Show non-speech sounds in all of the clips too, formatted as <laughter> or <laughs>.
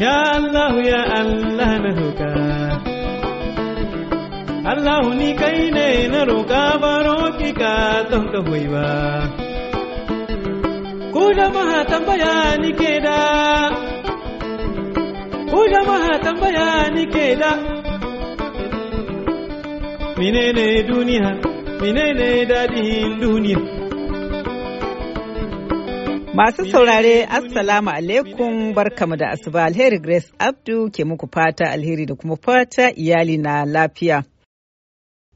Ya Allah ya Allah na roƙa Allah ni kai ne na roƙa baro ki ka don ka hoyi ba Ku jama'a tambaya ni ke da Ku jama'a tambaya ni ke da mine ne duniya mine ne dadin duniya Masu saurare Assalamu alaikum barkamu da asuba alheri Grace Abdu ke muku fata alheri da kuma fata iyali na lafiya.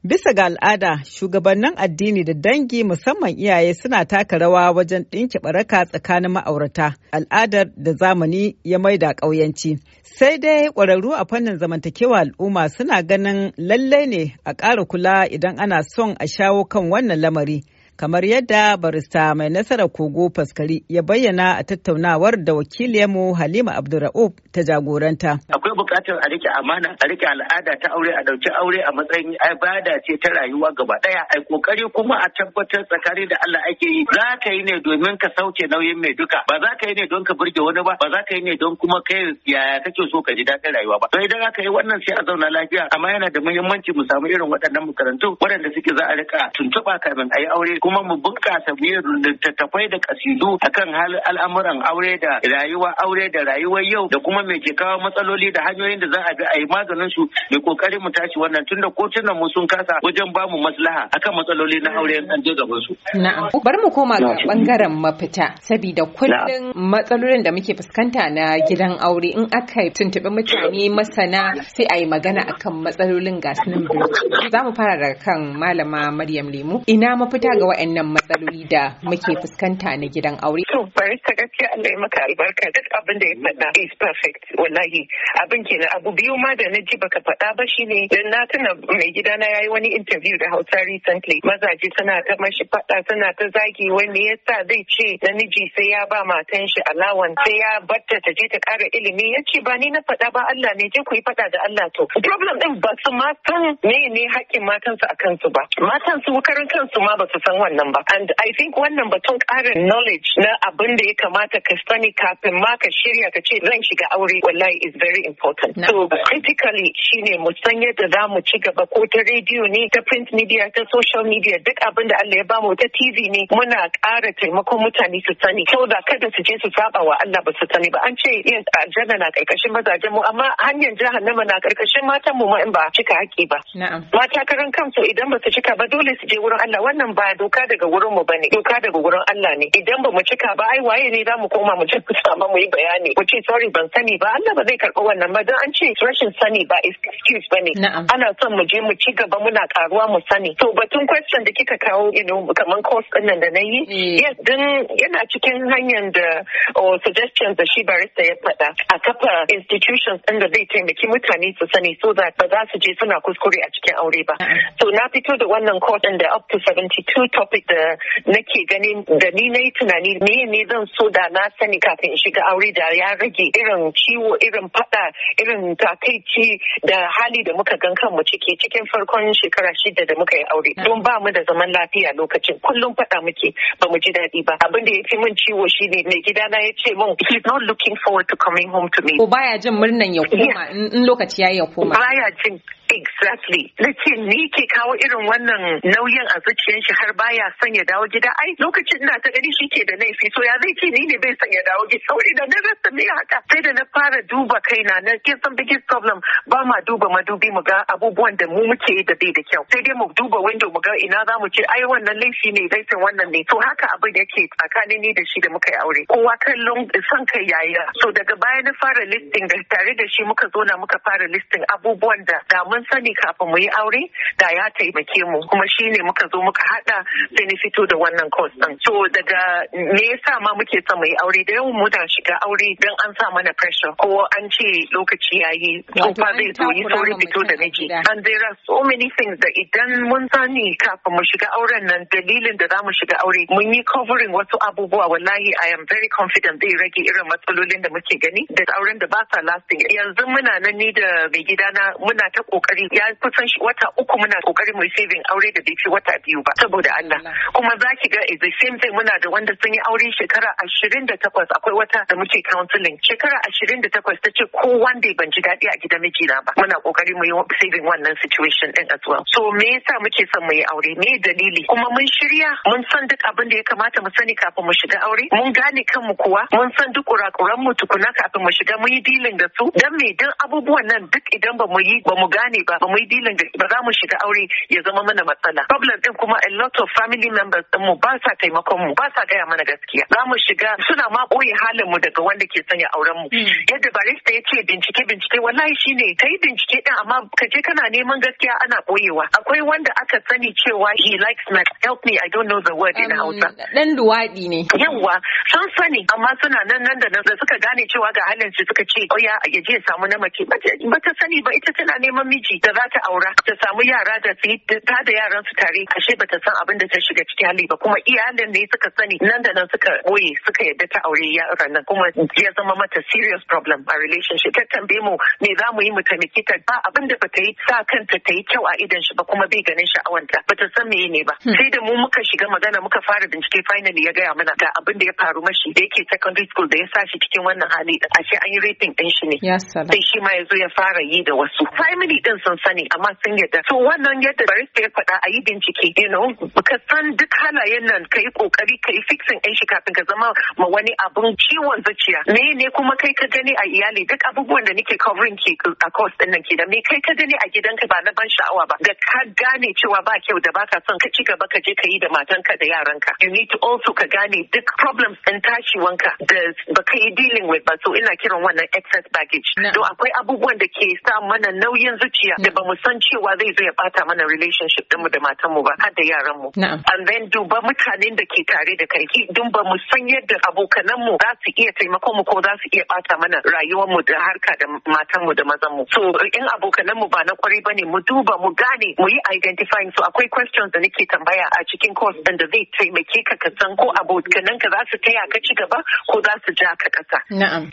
Bisa ga al'ada, shugabannin addini da dangi musamman iyaye suna taka rawa wajen ɗinke ɓaraka tsakanin ma'aurata, al'adar da zamani ya maida ƙauyanci. Sai dai ƙwararru a fannin zamantakewa al'umma suna ganin lallai ne a ƙara kula idan ana son a shawo kan wannan lamari. kamar yadda barista mai nasarar kogo faskari ya bayyana a tattaunawar da wakiliyarmu halima abdulra'uf ta jagoranta akwai bukatar a rike amana a rike al'ada ta aure a dauki aure a matsayin ibada ce ta rayuwa gaba daya ai kokari kuma a tabbatar tsakanin da Allah ake yi za ka yi ne domin ka sauke nauyin mai duka ba za ka yi ne don ka burge wani ba ba za ka yi ne don kuma kai yaya kake so ka ji daɗin rayuwa ba don idan aka yi wannan sai a zauna lafiya amma yana da muhimmanci mu samu irin waɗannan makarantu waɗanda suke za a rika tuntuɓa kafin a yi aure kuma mu bunƙasa biyar littattafai da kasidu akan al'amuran aure da rayuwa aure da rayuwar yau da kuma me ke kawo matsaloli da hanyoyin da za a bi a yi maganin su mai kokarin mu tashi wannan tunda kotunan mu sun kasa wajen ba mu maslaha akan matsaloli na aure yan je gaban su. Na'am. Bari mu koma ga bangaren mafita sabida kullum matsalolin da muke fuskanta na gidan aure in aka tuntuɓi mutane masana sai a yi magana akan matsalolin ga sunan Za mu fara daga kan malama Maryam Lemu. Ina mafita ga waɗannan matsaloli da muke fuskanta na gidan aure? To bari ta gaskiya Allah ya maka albarka duk abin da ya faɗa is perfect wallahi abin kenan abu biyu ma da na ji baka faɗa ba shine dan na tuna mai gidana yayi wani interview da Hausa recently mazaje suna ta mashi faɗa suna ta zagi wani yasa zai ce namiji sai ya ba matan shi alawan sai ya batta ta je ta ƙara ilimi ya ce ba ni na faɗa ba Allah ne je ku yi faɗa da Allah to problem ɗin ba su ma san ne ne haƙƙin matansu a kansu ba matan su karan kansu ma ba su san wannan ba and i think wannan batun karin knowledge na abin da ya kamata ka sani kafin ma ka shirya ka ce zan shiga aure wallahi is very important so critically shine mu san yadda za mu ci gaba ko ta rediyo ne ta print media ta social media duk abin da Allah ya bamu ta TV ne muna ƙara taimakon mutane su sani so da kada su je su saba wa Allah ba su sani ba an ce yin aljanna na karkashin mazajen mu amma hanyar jahannama na karkashin matan mu ma in ba cika haƙi ba mata karan kansu idan ba su cika ba dole su je wurin Allah wannan ba doka doka daga wurin mu bane doka daga wurin Allah ne idan ba mu cika ba ai waye ne za mu koma mu ci <laughs> sama mu yi bayani mu ce sorry ban sani ba Allah ba zai karɓi wannan ba dan an ce rashin sani ba excuse bane ana son mu je mu ci gaba muna karuwa mu sani to batun question da kika kawo you know kaman course din nan da na yi eh. yes din yana cikin hanyar da or suggestions da shi barista ya faɗa a kafa institutions din da zai taimaki mutane su sani so that ba za su je suna kuskure a cikin aure ba so na fito da wannan course din da up to 72 topic da nake ganin da ni na yi tunani me ne zan so da na sani kafin in shiga aure da ya rage irin ciwo irin fada irin takaici da hali da muka gan kanmu ciki cikin farkon shekara shida da muka yi aure don ba mu da zaman lafiya lokacin kullum fada muke ba mu ji daɗi ba abin da ya fi min ciwo shi shine mai na ya ce min is not looking forward to coming home to me ko baya jin murnan ya koma in lokaci ya ya koma baya jin exactly na ce ni ke kawo irin wannan nauyin a zuciyar shi har baya son ya dawo gida ai lokacin ina ta gani shi ke da laifi so ya zai ce ni ne bai son ya dawo gida sauri da na rasa me haka sai da na fara duba kai na kin san biggest problem ba ma duba madubi mu ga abubuwan da mu muke da bai da kyau sai dai mu duba window mu ga ina za mu ce ai wannan laifi ne laifin wannan ne to haka abin da yake tsakanin ni da shi da muka yi aure kowa kallon son kai yaya so daga baya na fara listing da tare da shi muka zo na muka fara listing abubuwan da sani kafin mu yi aure da ya taimake mu kuma shine muka zo muka hada sai fito da wannan course din so daga me yasa ma muke son mu yi aure da yawan mu da shiga aure dan an sa mana pressure ko an ce lokaci yayi ko fa zai zo yi sauri fito da miji and there are so many things da idan mun sani kafin mu shiga auren nan dalilin da zamu shiga aure mun yi covering wasu abubuwa wallahi i am very confident zai rage irin matsalolin da muke gani da auren da ba sa lasting yanzu muna nan ni da mai gidana muna ta kokari kokari ya kusan wata uku muna kokari mu saving aure da bai fi wata biyu ba saboda Allah kuma zaki ga is the same thing muna da wanda sun yi aure shekara ashirin da akwai wata da muke counseling shekara ashirin da takwas ta ce ko wanda ban ji daɗi a gidan mijina ba muna kokari mu yi saving wannan situation din as well so me yasa muke son mu yi aure me dalili kuma mun shirya mun san duk abin da ya kamata mu sani kafin mu shiga aure mun gane kanmu kuwa mun san duk kurakuran mu tukuna kafin mu shiga mu yi dealing da su dan me dan abubuwan nan duk idan ba mu yi ba mu gane ba ba mu yi dilin da ba za mu shiga aure ya zama mana matsala problem din kuma a lot of family members din mu ba sa taimakon mu ba sa gaya mana gaskiya za mu shiga suna ma boye halin mu daga wanda ke sanya auren mu hmm. yadda barista ya ce bincike bincike wallahi shine kai bincike din amma ka je kana neman gaskiya ana boyewa akwai wanda aka sani cewa he likes math help me i don't know the word in um, Hausa dan duwadi ne yawa sun sani amma suna nan nan da nan da suka gane cewa ga halin su suka ce oya oh ya je samu na mace ba ta sani ba ita tana neman miji miji da za ta aura ta samu yara da su ta da yaran su tare ashe ba ta san abin da ta shiga cikin hali ba kuma iyalin ne suka sani nan da nan suka boye suka yadda ta aure yaran nan kuma ya zama mata serious problem a relationship ta tambaye mu me za mu yi mu taimaki ta ba abin da ba ta yi sa kanta ta yi kyau a idan shi ba kuma bai ganin sha'awanta ba ta san meye ne ba hmm. sai da mu muka shiga magana muka fara bincike finally ya gaya mana ga abin da ya faru mashi da yake secondary school da ya sa shi cikin wannan hali ashe an yi raping din shi ne sai shi ma ya zo ya fara yi da wasu family din din sun sani amma sun yadda To wannan yadda barista ya faɗa a yi bincike you know ka san duk halayen nan ka yi kokari ka yi fixing ɗin shi kafin ka zama ma wani abun ciwon zuciya me ne kuma kai ka gani a iyali duk abubuwan da nake covering ke a course nan ke da me kai ka gani a gidanka ba na ban sha'awa ba da ka gane cewa ba kyau da baka son ka ci gaba ka je ka yi da matanka da yaranka you need to also ka gane duk problems ɗin tashiwanka da ba ka yi dealing with ba so ina kiran wannan excess baggage do akwai abubuwan da ke sa mana nauyin zuciya lafiya da bamu san cewa zai zo ya bata mana relationship mu da matan mu ba har da yaran mu. And then duba mutanen da ke tare da kai ba mu san yadda abokanan mu za su iya taimako mu ko za su iya bata mana rayuwar mu da harka da matan mu da mazan mu. So in abokanan mu ba na kwarai bane mu duba mu gane mu yi identifying so akwai questions da nake tambaya a cikin course din da zai taimake ka ka san ko abokananka za su taya ka ci gaba ko za su ja ka kasa.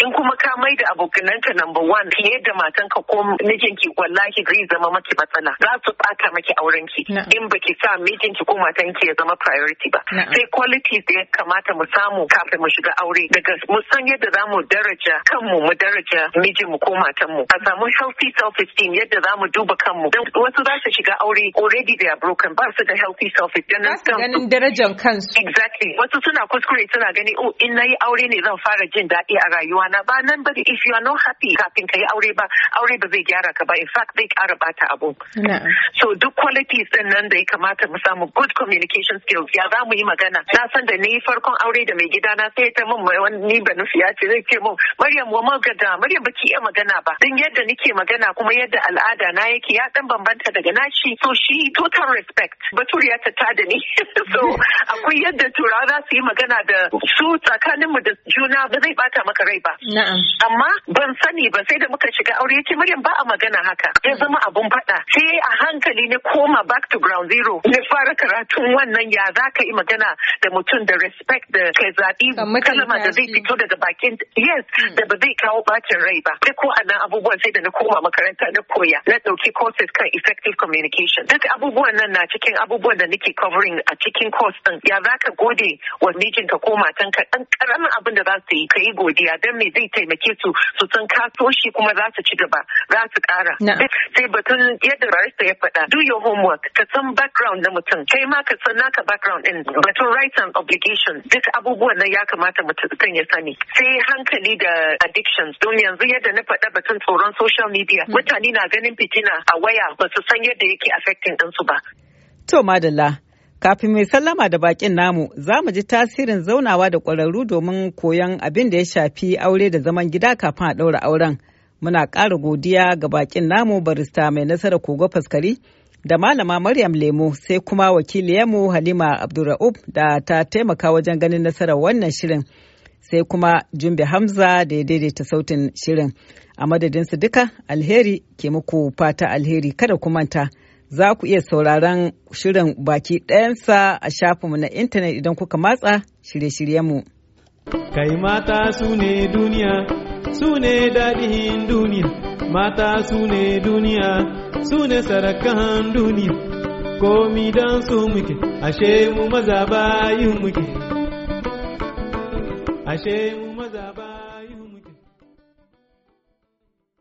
In kuma ka mai da abokananka number one fiye da matanka ko nijinki wallahi ki zai zama maki matsala za su bata maki auren ki in baki sa mijin ki ko matan ki ya zama priority ba sai quality da ya kamata mu samu kafin mu shiga aure daga mu san yadda za mu daraja kanmu mu daraja mijin mu ko matan mu a samu healthy self esteem yadda za mu duba kanmu dan wasu za su shiga aure already they are broken ba su da healthy self esteem ganin darajar kansu exactly wasu suna kuskure suna gani oh in nayi aure ne zan fara jin daɗi a rayuwa na ba nan ba if you are not happy kafin ka yi aure ba aure ba zai gyara ka ba in fact zai Kara bata abu. So duk qualities din nan da ya kamata mu samu good communication skills ya za mu yi magana. Na san da ni farkon aure da mai gida na sai ta mun wani ya ce zai ce mun Maryam wa magana Maryam baki iya magana ba. Din yadda nake magana kuma yadda al'ada na yake ya dan bambanta daga nashi so shi total respect. Baturiya ta da ni. <laughs> so akwai yadda turawa za su yi magana da su tsakaninmu da juna ba zai bata maka rai ba. Amma ban sani ba sai da muka shiga aure ya Maryam ba a magana haka. Ya zama abun faɗa. Sai a hankali ne koma back to ground zero. Na fara karatun wannan ya za ka yi magana da mutum da respect da ka zaɓi kalama da zai fito daga bakin yes hmm. da ba zai kawo bacin rai ba. ko anan abubuwan sai da na koma makaranta na koya. Na ɗauki courses kan effective communication. Duk abubuwan nan na cikin abubuwan da nake covering a cikin course ɗin. Ya za ka gode wa mijinka ko matanka ɗan ƙaramin abin da za su yi ka yi godiya don me zai taimake su su san ka shi kuma za su ci gaba za su ƙara. Sai batun yadda barista ya faɗa do your homework ka san background na mutum kai ma ka san naka background ɗin batun rights and obligations duk abubuwan nan ya kamata mutum ya sani. Sai hankali da addictions don yanzu yadda na faɗa batun tsoron social media hmm. mutane na ganin fitina a waya ba su san yadda yake affecting ɗinsu ba. To madalla Kafin mai sallama da bakin namu, za mu ji tasirin zaunawa da ƙwararru domin koyon abin da ya shafi aure da zaman gida kafin a ɗaura auren. Muna ƙara godiya ga bakin namu barista mai nasara kogo faskari da malama Maryam Lemo sai kuma wakiliyarmu Halima Abdulra'ub da ta taimaka wajen ganin nasarar wannan shirin. Sai kuma Jumbe Hamza da ya daidaita sautin shirin. A madadinsu duka alheri ke muku fata alheri kada ku manta. za ku iya sauraron shirin baki ɗayansa a shafinmu na intanet idan kuka matsa shirye-shiryenmu. Kai mata su ne duniya, su ne daɗin duniya, mata su ne duniya, su ne sarakan duniya, komi don su muke, ashe mu maza bayin muke, ashe mu maza